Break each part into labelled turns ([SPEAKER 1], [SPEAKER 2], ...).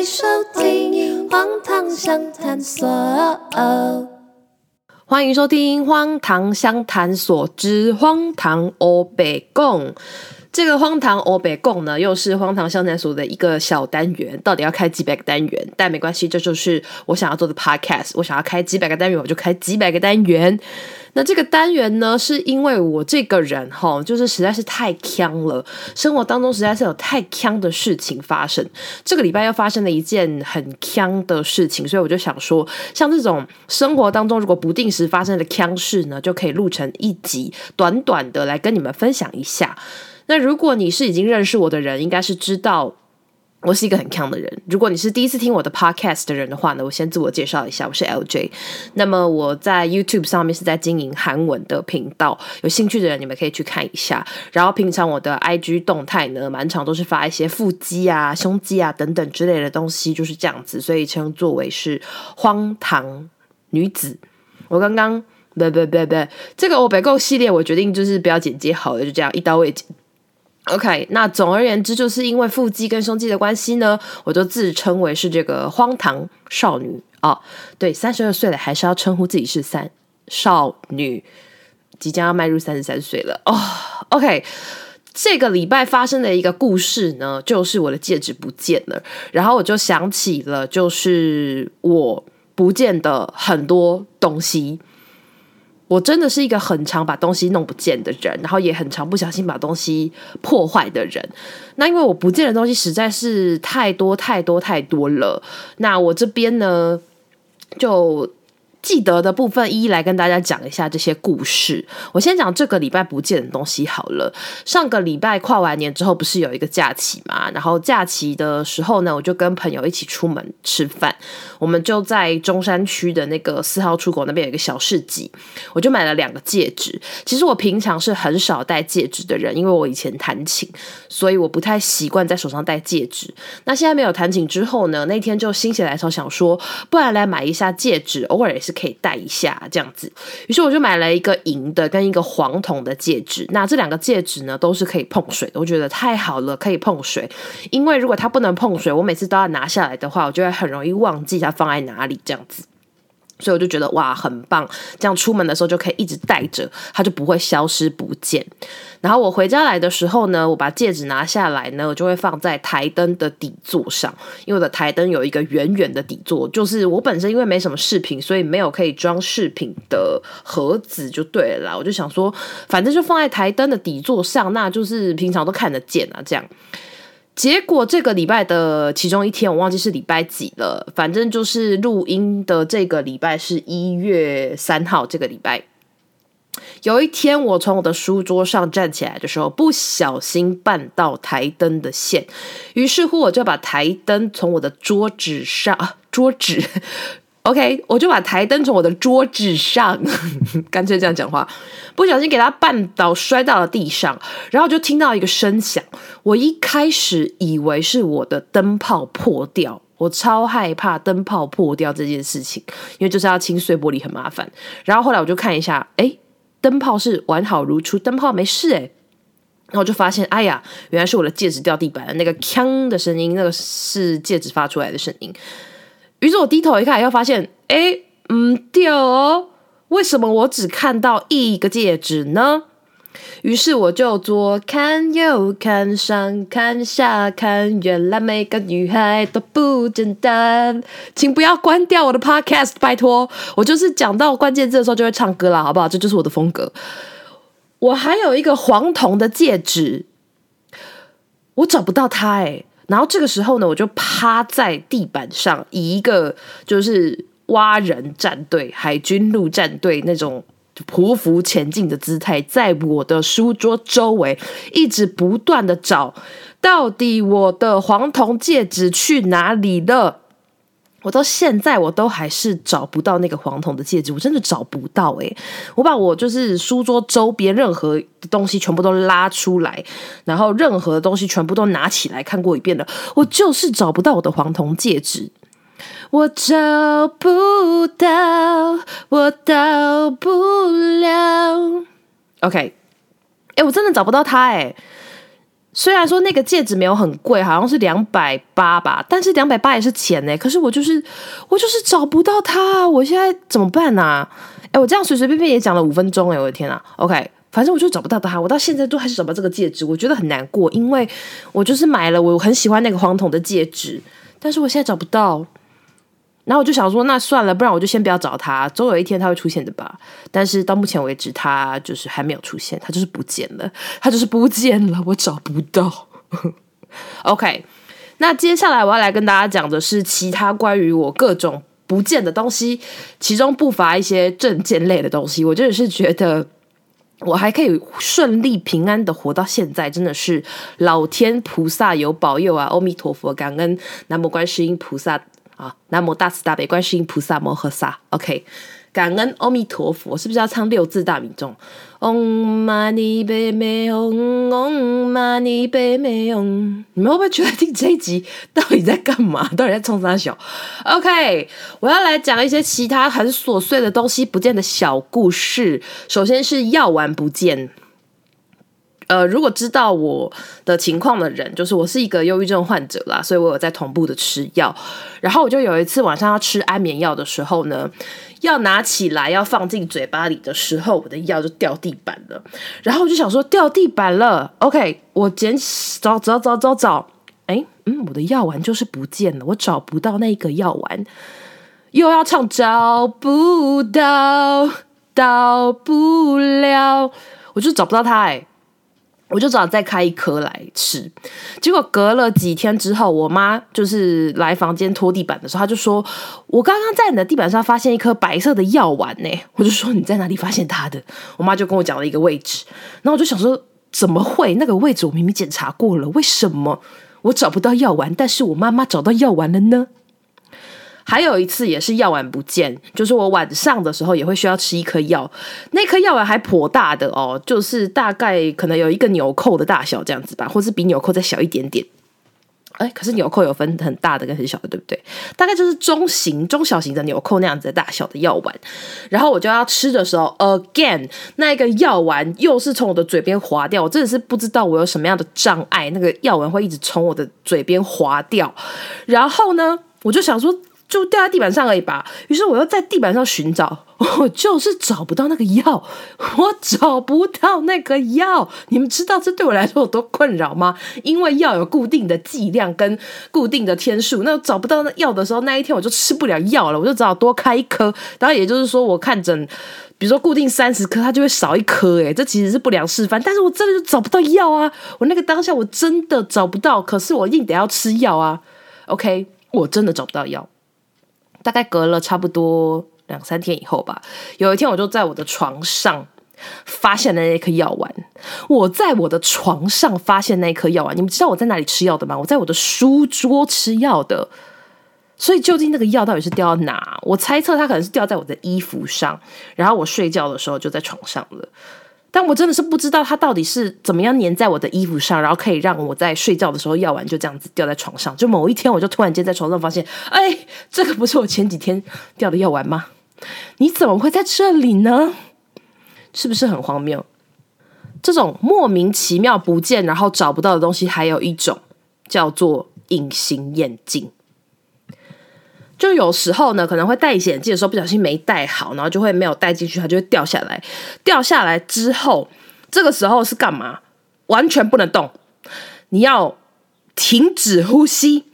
[SPEAKER 1] 歡迎收聽《荒唐相談所、哦》，歡迎收聽荒唐相談所之荒唐歐北共》。這個荒唐歐北共呢，又是荒唐相談所的一個小單元，到底要開幾百個單元？但沒關係，這就是我想要做的 podcast。我想要開幾百個單元，我就開幾百個單元。那這個單元呢，是因為我這個人吼，就是實在是太嗆了，生活當中實在是有太嗆的事情發生。這個禮拜又發生了一件很嗆的事情，所以我就想說，像這種生活當中如果不定時發生的嗆事呢，就可以錄成一集，短短的來跟你們分享一下。那如果你是已經認識我的人，應該是知道我是一個很 ㄎㄧㄤ 的人。如果你是第一次聽我的 podcast 的人的話呢，我先自我介紹一下，我是 LJ。那麼我在 YouTube 上面是在經營韓文的頻道，有興趣的人你們可以去看一下。然後平常我的 IG 動態呢，蠻常都是發一些腹肌啊、胸肌啊等等之類的東西，就是這樣子，所以稱作為是荒唐女子。我剛剛不不不不，這個歐北共系列我決定就是不要剪接好了，就這樣一刀未剪。OK，那總而言之，就是因為腹肌跟胸肌的關係呢，我就自稱為是這個荒唐少女啊、哦。對，三十二歲了還是要稱呼自己是三少女，即將要邁入三十三歲了哦。OK，這個禮拜發生的一個故事呢，就是我的戒指不見了，然後我就想起了，就是我不見的很多東西。我真的是一個很常把東西弄不見的人，然後也很常不小心把東西破壞的人。那因為我不見的東西實在是太多太多太多了，那我這邊呢，就記得的部分，一一來跟大家講一下這些故事。我先講這個禮拜不見的東西好了。上個禮拜跨完年之後，不是有一個假期嘛？然後假期的時候呢，我就跟朋友一起出門吃飯。我們就在中山區的那個四號出口那邊有一個小市集，我就買了兩個戒指。其實我平常是很少戴戒指的人，因為我以前彈琴，所以我不太習慣在手上戴戒指。那現在沒有彈琴之後呢，那天就心血來潮，想說，不然來買一下戒指，偶爾。可以戴一下這樣子，於是我就買了一個銀的跟一個黃銅的戒指。那這兩個戒指呢，都是可以碰水的，我覺得太好了，可以碰水。因為如果它不能碰水，我每次都要拿下來的話，我就會很容易忘記它放在哪裡這樣子。所以我就覺得哇很棒，這樣出門的時候就可以一直戴著，它就不會消失不見。然後我回家來的時候呢，我把戒指拿下來呢，我就會放在台燈的底座上，因為我的台燈有一個圓圓的底座。就是我本身因為沒什麼飾品，所以沒有可以裝飾品的盒子，就對了。我就想說，反正就放在台燈的底座上，那就是平常都看得見啊，這樣。結果這個禮拜的其中一天，我忘記是禮拜幾了，反正就是錄音的這個禮拜是一月三號。這個禮拜有一天，我從我的書桌上站起來的時候，不小心絆到台燈的線，於是乎我就把台燈從我的桌子上，啊，桌子。OK，我就把台燈從我的桌子上， 乾脆這樣講話，不小心給它絆倒，摔到了地上，然後就聽到一個聲響。我一開始以為是我的燈泡破掉，我超害怕燈泡破掉這件事情，因為就是要清碎玻璃很麻煩。然後後來我就看一下，哎，燈泡是完好如初，燈泡沒事哎、欸。然後就發現，哎呀，原來是我的戒指掉地板了。那個鏘的聲音，那個是戒指發出來的聲音。於是我低頭一看，又發現，哎，嗯，掉哦？為什麼我只看到一個戒指呢？於是我就左看右看，上看下看，原來每個女孩都不簡單。請不要關掉我的 Podcast，拜託！我就是講到關鍵字的時候就會唱歌啦，好不好？這就是我的風格。我還有一個黃銅的戒指，我找不到它、欸，誒然後這個時候呢，我就趴在地板上，以一個就是蛙人戰隊、海軍陸戰隊那種匍匐前進的姿態，在我的書桌周圍一直不斷的找，到底我的黃銅戒指去哪裡了？我到現在我都還是找不到那個黃銅的戒指，我真的找不到欸！我把我就是書桌周邊任何東西全部都拉出來，然後任何東西全部都拿起來看過一遍了，我就是找不到我的黃銅戒指，我找不到，我到不了。OK，欸，我真的找不到它欸。雖然說那個戒指沒有很貴，好像是兩百八吧，但是兩百八也是錢呢、欸。可是我就是我就是找不到它、啊，我現在怎麼辦呢、啊？哎、欸，我這樣隨隨便便也講了五分鐘，哎，我的天吶、啊！OK，反正我就找不到它，我到現在都還是找不到這個戒指，我覺得很難過，因為我就是買了我很喜歡那個黃銅的戒指，但是我現在找不到。然後我就想說，那算了，不然我就先不要找他，總有一天他會出現的吧。但是到目前為止，他就是還沒有出現，他就是不見了，他就是不見了，我找不到。 OK，那接下來我要來跟大家講的是其他關於我各種不見的東西，其中不乏一些證件類的東西。我真的是覺得我還可以順利平安的活到現在，真的是老天菩薩有保佑啊！阿彌陀佛，感恩南無觀世音菩薩。啊、南無大慈大悲觀世音菩薩摩訶薩。OK，感恩阿彌陀佛。是不是要唱六字大明咒？嗡嘛呢唄咪吽，嗡嘛呢唄咪吽。你們會不會覺得聽這一集到底在幹嘛？到底在唱三小？OK，我要來講一些其他很瑣碎的東西，不見的小故事。首先是藥丸不見。呃，如果知道我的情況的人，就是我是一個憂鬱症患者啦，所以我有在同步的吃藥。然後我就有一次晚上要吃安眠藥的時候呢，要拿起來要放進嘴巴裡的時候，我的藥就掉地板了。然後我就想說，掉地板了，OK，我撿起，找找找找找，哎、欸，嗯，我的藥丸就是不見了，我找不到那個藥丸，又要唱找不到，到不了，我就找不到它、欸，哎。我就只好再開一顆來吃，結果隔了幾天之後，我媽就是來房間拖地板的時候，她就說：“我剛剛在你的地板上發現一顆白色的藥丸呢。”我就說：“你在哪裡發現它的？”我媽就跟我講了一個位置，然後我就想說：“怎麼會？那個位置我明明檢查過了，為什麼我找不到藥丸，但是我媽媽找到藥丸了呢？”還有一次也是藥丸不見，就是我晚上的時候也會需要吃一顆藥，那顆藥丸還頗大的哦，就是大概可能有一個紐扣的大小這樣子吧，或是比紐扣再小一點點。誒，可是紐扣有分很大的跟很小的，對不對？大概就是中型、中小型的紐扣那樣子的大小的藥丸，然後我就要吃的時候，again，那個藥丸又是從我的嘴邊滑掉，我真的是不知道我有什麼樣的障礙，那個藥丸會一直從我的嘴邊滑掉。然後呢，我就想說。就掉在地板上而已吧。於是我又在地板上尋找，我就是找不到那個藥，我找不到那個藥。你們知道這對我來說有多困擾嗎？因為藥有固定的劑量跟固定的天數，那我找不到那藥的時候，那一天我就吃不了藥了。我就只好多開一顆。然後也就是說，我看診，比如說固定三十顆，它就會少一顆。哎，這其實是不良示範。但是我真的就找不到藥啊！我那個當下我真的找不到，可是我硬得要吃藥啊。OK，我真的找不到藥。大概隔了差不多兩三天以後吧，有一天我就在我的床上發現了那顆藥丸。我在我的床上發現那顆藥丸，你們知道我在哪裡吃藥的嗎？我在我的書桌吃藥的。所以究竟那個藥到底是掉到哪？我猜測它可能是掉在我的衣服上，然後我睡覺的時候就在床上了。但我真的是不知道它到底是怎麼樣粘在我的衣服上，然後可以讓我在睡覺的時候藥丸就這樣子掉在床上。就某一天，我就突然間在床上發現，哎，這個不是我前幾天掉的藥丸嗎？你怎麼會在這裡呢？是不是很荒謬？這種莫名其妙不見，然後找不到的東西，還有一種叫做隱形眼鏡。就有時候呢，可能會戴隱形眼鏡的時候不小心沒戴好，然後就會沒有戴進去，它就會掉下來。掉下來之後，這個時候是幹嘛？完全不能動，你要停止呼吸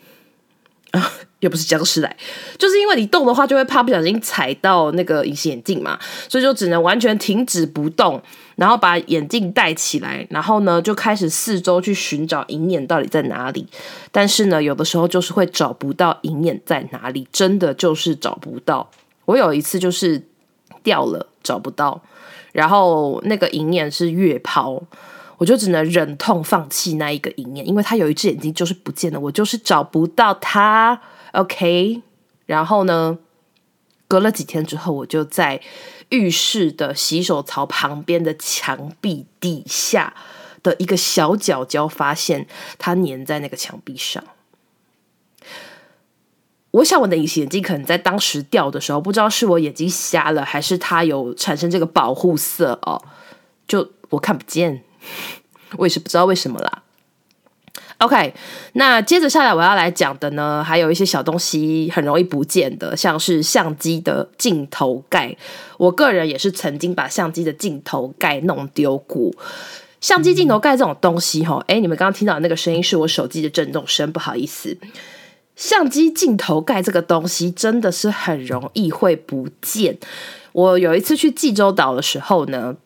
[SPEAKER 1] 啊！又不是僵屍來，就是因為你動的話，就會怕不小心踩到那個隱形眼鏡嘛，所以就只能完全停止不動。然後把眼鏡戴起來，然後呢，就開始四周去尋找隱眼到底在哪裡。但是呢，有的時候就是會找不到隱眼在哪裡，真的就是找不到。我有一次就是掉了找不到，然後那個隱眼是月拋，我就只能忍痛放棄那一個隱眼，因為它有一隻眼睛就是不見了，我就是找不到它。OK，然後呢？隔了幾天之後，我就在浴室的洗手槽旁邊的牆壁底下的一個小角角，發現它粘在那個牆壁上。我想，我的隱形眼鏡可能在當時掉的時候，不知道是我眼睛瞎了，還是它有產生這個保護色哦，就我看不見，我也是不知道為什麼啦。OK，那接着下來我要來講的呢，還有一些小東西很容易不見的，像是相機的鏡頭蓋。我個人也是曾經把相機的鏡頭蓋弄丟過。相機鏡頭蓋這種東西，哈、嗯，哎、欸，你們剛剛聽到那個聲音是我手機的震動聲，不好意思。相機鏡頭蓋這個東西真的是很容易會不見。我有一次去濟州島的時候呢。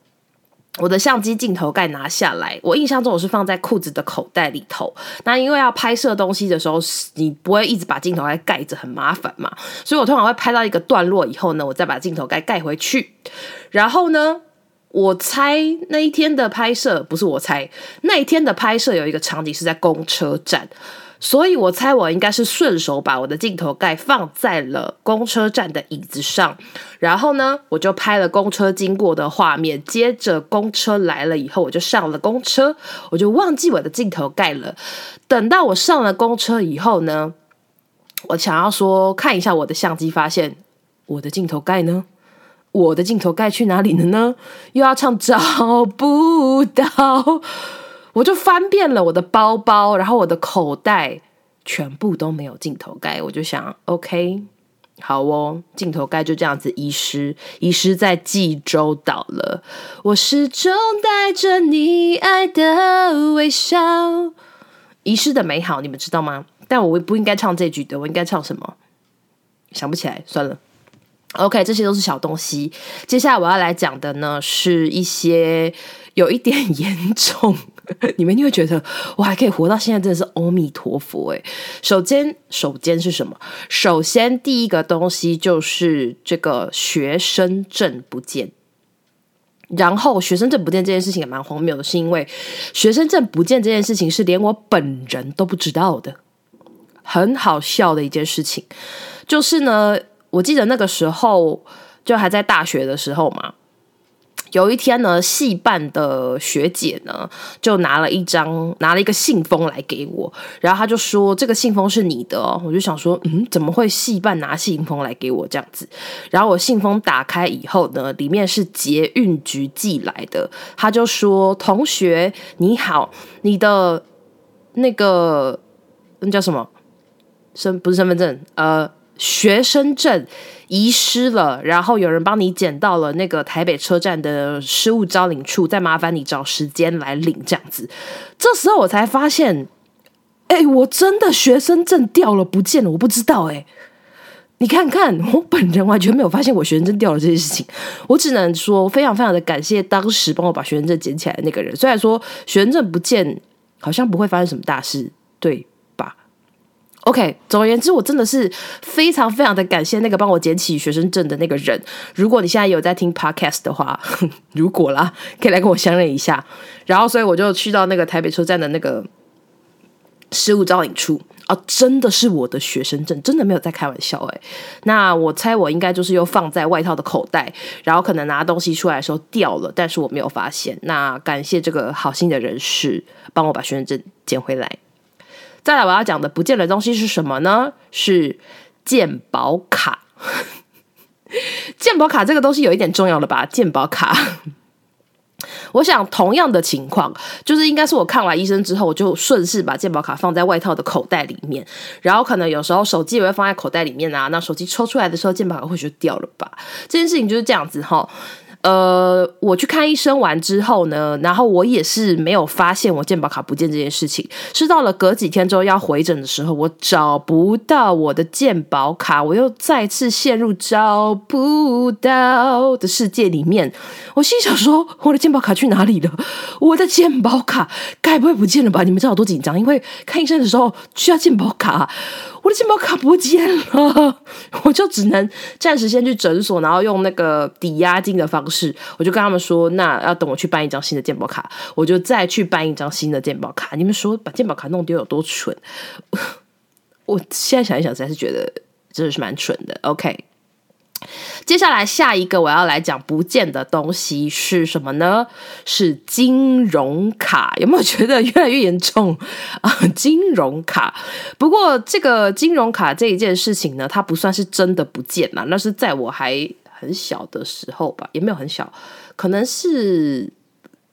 [SPEAKER 1] 我的相機鏡頭蓋拿下來，我印象中我是放在褲子的口袋裡頭。那因為要拍攝東西的時候，你不會一直把鏡頭蓋蓋着，很麻煩嘛。所以我通常會拍到一個段落以後呢，我再把鏡頭蓋蓋回去。然後呢，我猜那一天的拍攝，不是我猜，那一天的拍攝有一個場景是在公車站。所以，我猜我應該是順手把我的鏡頭蓋放在了公車站的椅子上，然後呢，我就拍了公車經過的畫面。接着，公車來了以後，我就上了公車，我就忘記我的鏡頭蓋了。等到我上了公車以後呢，我想要說看一下我的相機，發現我的鏡頭蓋呢？我的鏡頭蓋去哪裡了呢？又要唱找不到。我就翻遍了我的包包，然後我的口袋全部都沒有鏡頭蓋。我就想，OK，好哦，鏡頭蓋就這樣子遺失，遺失在濟州島了。我始終帶着你愛的微笑，遺失的美好，你們知道嗎？但我不應該唱這句的，我應該唱什麼？想不起來，算了。OK，這些都是小東西。接下來我要來講的呢，是一些有一點嚴重。 你們就會覺得我還可以活到現在，真的是阿彌陀佛哎。首先，首先是什麼？首先第一個東西就是這個學生證不見。然後，學生證不見這件事情也蠻荒謬的，是因為學生證不見這件事情是連我本人都不知道的，很好笑的一件事情，就是呢。我記得那個時候就還在大學的時候嘛，有一天呢，系辦的學姐呢，就拿了一張，拿了一個信封來給我，然後她就說，這個信封是你的哦，我就想說，嗯，怎麼會系辦拿信封來給我這樣子？然後我信封打開以後呢，裡面是捷運局寄來的，她就說，同學你好，你的那個，那叫什麼身，不是身份證呃。學生證遺失了，然後有人幫你撿到了那個台北車站的失物招領處，再麻煩你找時間來領這樣子。這時候我才發現，哎、欸，我真的學生證掉了不見了，我不知道哎、欸。你看看，我本人完全沒有發現我學生證掉了這件事情，我只能說非常非常的感謝當時幫我把學生證撿起來的那個人。雖然說學生證不見，好像不會發生什麼大事，對。OK，總而言之，我真的是非常非常的感謝那個幫我撿起學生證的那個人。如果你現在有在聽 Podcast 的話，呵呵，如果啦，可以來跟我相認一下。然後，所以我就去到那個台北車站的那個失物招領處啊，真的是我的學生證，真的沒有在開玩笑哎、欸。那我猜我應該就是又放在外套的口袋，然後可能拿東西出來的時候掉了，但是我沒有發現。那感謝這個好心的人士，幫我把學生證撿回來。再來我要講的不見的東西是什麼呢？是健保卡。健 保卡這個東西有一點重要的吧？健保卡， 我想同樣的情況就是，應該是我看完醫生之後，我就順勢把健保卡放在外套的口袋裡面，然後可能有時候手機也會放在口袋裡面啊。那手機抽出來的時候，健保卡或許就掉了吧。這件事情就是這樣子哈。呃，我去看醫生完之後呢，然後我也是沒有發現我健保卡不見這件事情，是到了隔幾天之後要回診的時候，我找不到我的健保卡，我又再次陷入找不到的世界裡面。我心想說，我的健保卡去哪裡了？我的健保卡該不會不見了吧？你們知道我多緊張，因為看醫生的時候需要健保卡。健保卡不見了，我就只能暫時先去診所，然後用那個抵押金的方式，我就跟他們說，那要等我去辦一張新的健保卡，我就再去辦一張新的健保卡。你們說把健保卡弄丟有多蠢我？我現在想一想，實在是覺得真的是蠻蠢的。OK。接下來下一個我要來講不見的東西是什麼呢？是金融卡，有沒有覺得越來越嚴重啊？金融卡，不過這個金融卡這一件事情呢，它不算是真的不見了，那是在我還很小的時候吧，也沒有很小，可能是。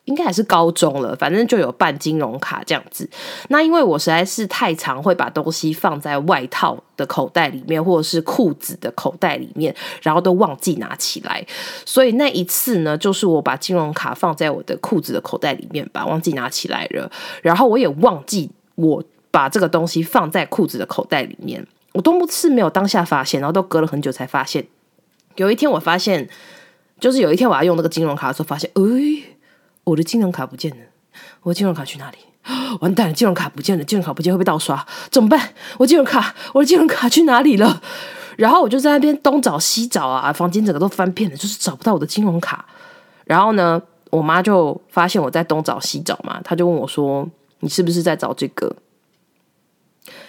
[SPEAKER 1] 應該還是高中了，反正就有辦金融卡這樣子。那因為我實在是太常會把東西放在外套的口袋裡面，或者是褲子的口袋裡面，然後都忘記拿起來。所以那一次呢，就是我把金融卡放在我的褲子的口袋裡面吧，忘記拿起來了。然後我也忘記我把這個東西放在褲子的口袋裡面。我多麼次沒有當下發現，然後都隔了很久才發現。有一天我發現，就是有一天我要用那個金融卡的時候，發現哎。我的金融卡不見了，我的金融卡去哪裡？完蛋了，金融卡不見了，金融卡不見會被盜刷，怎麼辦？我金融卡，我的金融卡去哪裡了？然後我就在那邊東找西找啊，房間整個都翻遍了，就是找不到我的金融卡。然後呢，我媽就發現我在東找西找嘛，她就問我說：“你是不是在找這個？”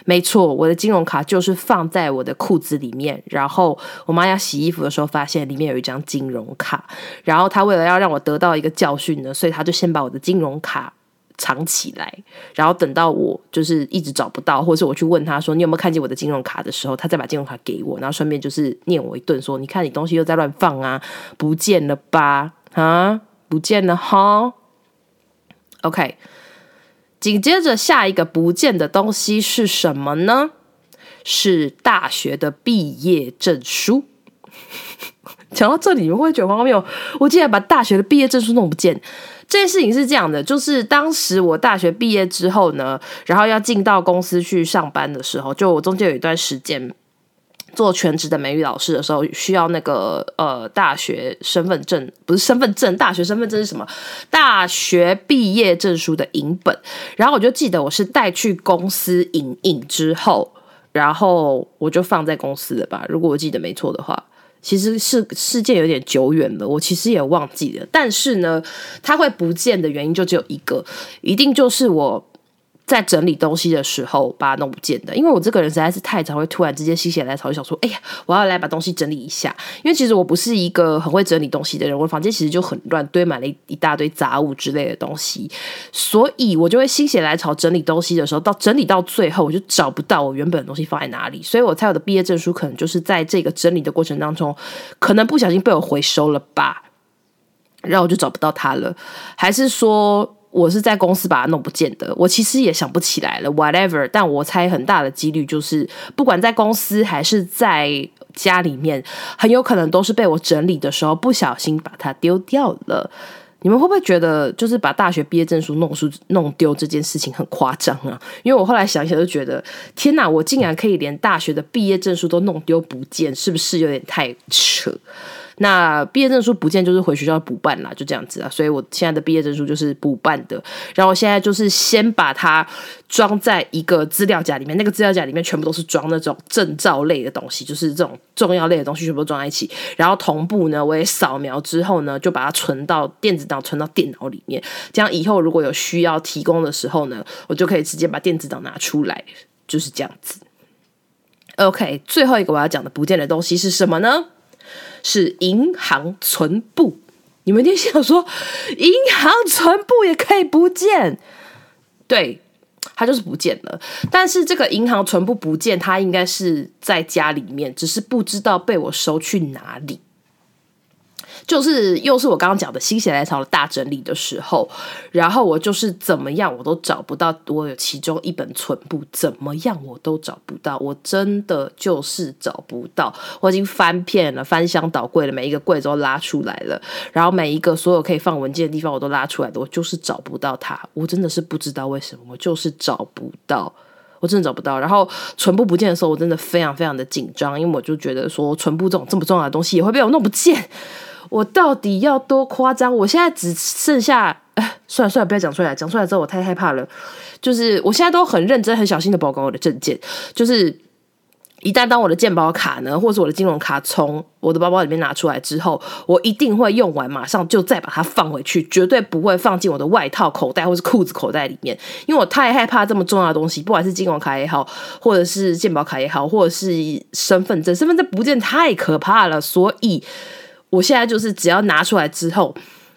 [SPEAKER 1] 沒錯，我的金融卡就是放在我的褲子裡面。然後我媽要洗衣服的時候，發現裡面有一張金融卡。然後她為了要讓我得到一個教訓呢，所以她就先把我的金融卡藏起來。然後等到我就是一直找不到，或者是我去問她說你有沒有看見我的金融卡的時候，她再把金融卡給我，然後順便就是念我一頓說：你看你東西又在亂放啊，不見了吧？啊，不見了哈？OK。緊接着下一個不見的東西是什麼呢？是大學的畢業證書。 講到這裡，你們會覺得沒有？我竟然把大學的畢業證書弄不見。這件事情是這樣的，就是當時我大學畢業之後呢，然後要進到公司去上班的時候，就我中間有一段時間。做全職的美語老師的時候，需要那個呃大學身份證，不是身份證，大學身份證是什麼？大學畢業證書的影本。然後我就記得我是帶去公司影印之後，然後我就放在公司了吧？如果我記得沒錯的話，其實是時間有點久遠了，我其實也忘記了。但是呢，它會不見的原因就只有一個，一定就是我。在整理東西的時候，我把它弄不見的。因為我這個人實在是太常會突然之間心血來潮，就想說：“哎呀，我要來把東西整理一下。”因為其實我不是一個很會整理東西的人，我房間其實就很亂，堆滿了一大堆雜物之類的東西，所以我就會心血來潮整理東西的時候，到整理到最後，我就找不到我原本的東西放在哪裡。所以我猜我的畢業證書可能就是在這個整理的過程當中，可能不小心被我回收了吧，然後我就找不到它了，還是說？我是在公司把它弄不見的，我其實也想不起來了，whatever。但我猜很大的幾率就是，不管在公司還是在家裡面，很有可能都是被我整理的時候不小心把它丟掉了。你們會不會覺得，就是把大學畢業證書弄出弄丟這件事情很誇張啊？因為我後來想一想就覺得，天哪，我竟然可以連大學的畢業證書都弄丟不見，是不是有點太扯？那畢業證書不見，就是回學校補辦啦，就這樣子啊。所以我現在的畢業證書就是補辦的。然後我現在就是先把它裝在一個資料夾裡面，那個資料夾裡面全部都是裝那種證照類的東西，就是這種重要類的東西全部都裝在一起。然後同步呢，我也掃描之後呢，就把它存到電子檔，存到電腦裡面。這樣以後如果有需要提供的時候呢，我就可以直接把電子檔拿出來，就是這樣子。OK，最後一個我要講的不見的東西是什麼呢？是銀行存摺，你們一定想說，銀行存摺也可以不見，對，它就是不見了。但是這個銀行存摺不見，它應該是在家裡面，只是不知道被我收去哪裡。就是又是我剛剛講的心血來潮的大整理的時候，然後我就是怎麼樣我都找不到，我有其中一本存簿怎麼樣我都找不到，我真的就是找不到。我已經翻遍了，翻箱倒櫃了，每一個櫃子都拉出來了，然後每一個所有可以放文件的地方我都拉出來了，我就是找不到它。我真的是不知道為什麼，我就是找不到，我真的找不到。然後存簿不見的時候，我真的非常非常的緊張，因為我就覺得說存簿這種這麼重要的東西也會被我弄不見。我到底要多誇張？我現在只剩下……哎，算了算了，不要講出來。講出來之後，我太害怕了。就是我現在都很認真、很小心的保管我的證件。就是一旦當我的健保卡呢，或是我的金融卡從我的包包裡面拿出來之後，我一定會用完，馬上就再把它放回去，絕對不會放進我的外套口袋或是褲子口袋裡面，因為我太害怕這麼重要的東西，不管是金融卡也好，或者是健保卡也好，或者是身份證，身份證不見太可怕了，所以。我現在就是只要拿出來之後，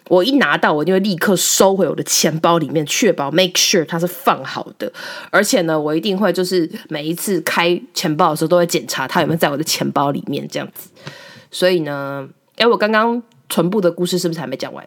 [SPEAKER 1] 我一拿到我就會立刻收回我的錢包裡面，確保 make sure 它是放好的。而且呢，我一定會就是每一次開錢包的時候都會檢查它有沒有在我的錢包裡面這樣子。所以呢，誒，我剛剛全部的故事是不是還沒講完？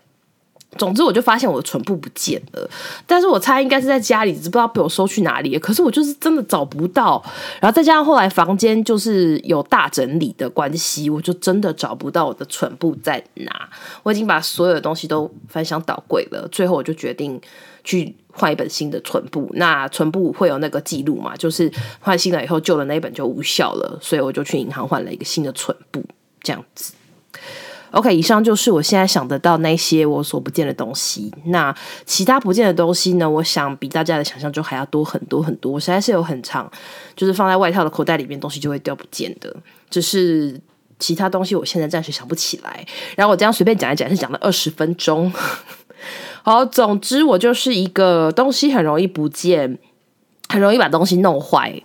[SPEAKER 1] 總之，我就發現我的存摺不見了，但是我猜應該是在家裡，只不知道被我收去哪裡，可是我就是真的找不到，然後再加上後來房間就是有大整理的關係，我就真的找不到我的存摺在哪。我已經把所有的東西都翻箱倒櫃了，最後我就決定去換一本新的存摺。那存摺會有那個記錄嘛？就是換新了以後，舊的那一本就無效了，所以我就去銀行換了一個新的存摺。這樣子。OK，以上就是我現在想得到那些我所不見的東西。那其他不見的東西呢？我想比大家的想象中還要多很多很多。我實在是有很長，就是放在外套的口袋裡面，東西就會掉不見的。只是其他東西，我現在暫時想不起來。然後我這樣隨便講一講，是講了二十分鐘。 好，總之我就是一個東西很容易不見，很容易把東西弄壞，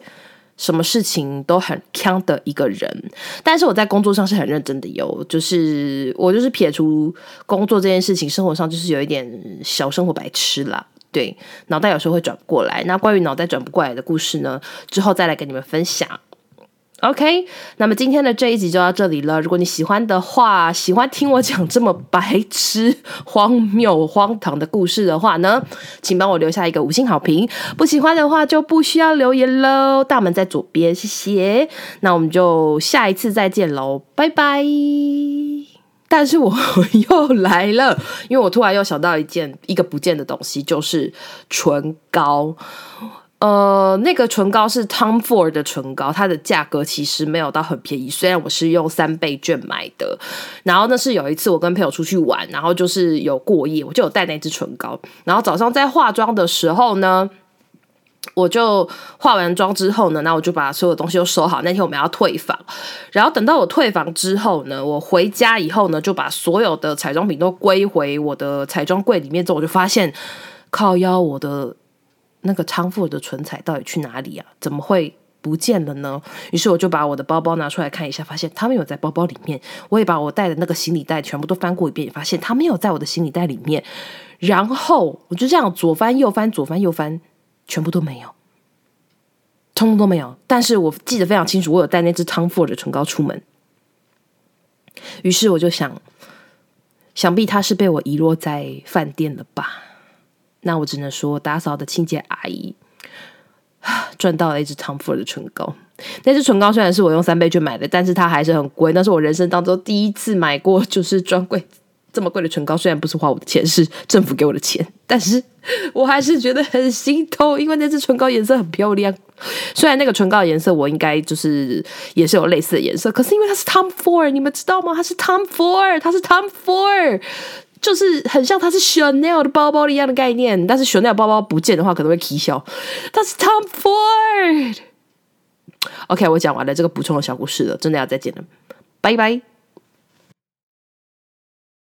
[SPEAKER 1] 什麼事情都很鏘的一個人，但是我在工作上是很認真的，有，就是我就是撇除工作這件事情，生活上就是有一點小生活白痴啦，對，腦袋有時候會轉不過來。那關於腦袋轉不過來的故事呢，之後再來跟你們分享。OK，那麼今天的這一集就到這裡了。如果你喜歡的話，喜歡聽我講這麼白痴、荒謬、荒唐的故事的話呢，請幫我留下一個五星好評。不喜歡的話就不需要留言嘍。大門在左邊，謝謝。那我們就下一次再見嘍，拜拜。但是我又來了，因為我突然又想到一件一個不見的東西，就是唇膏。呃，那個唇膏是 Tom Ford 的唇膏，它的價格其實沒有到很便宜，雖然我是用三倍券買的。然後那是有一次我跟朋友出去玩，然後就是有過夜，我就有帶那支唇膏。然後早上在化妝的時候呢，我就化完妝之後呢，那我就把所有東西都收好。那天我們要退房，然後等到我退房之後呢，我回家以後呢，就把所有的彩妝品都歸回我的彩妝櫃裡面，之後我就發現靠腰我的。那個 Tom Ford 的唇彩到底去哪裡啊？怎麼會不見了呢？於是我就把我的包包拿出來看一下，發現他沒有在包包裡面。我也把我帶的那個行李袋全部都翻過一遍，也發現他沒有在我的行李袋裡面。然後我就這樣左翻右翻，左翻右翻，全部都沒有，通通都沒有。但是我記得非常清楚，我有帶那只 Tom Ford 的唇膏出門。於是我就想，想必他是被我遺落在飯店的吧。那我只能說，打掃的清潔阿姨賺到了一支 Tom Ford 的唇膏。那支唇膏雖然是我用三倍券買的，但是它還是很貴。那是我人生當中第一次買過，就是專櫃這麼貴的唇膏。雖然不是花我的錢，是政府給我的錢，但是我還是覺得很心痛，因為那支唇膏顏色很漂亮。雖然那個唇膏的顏色我應該就是也是有類似的顏色，可是因為它是 Tom Ford，你們知道嗎？它是 Tom Ford，它是 Tom Ford。就是很像它是 Chanel 的包包一樣的概念，但是 Chanel 包包不見的話可能會取消。它是 Tom Ford。OK，我講完了這個補充的小故事了，真的要再見了，拜拜。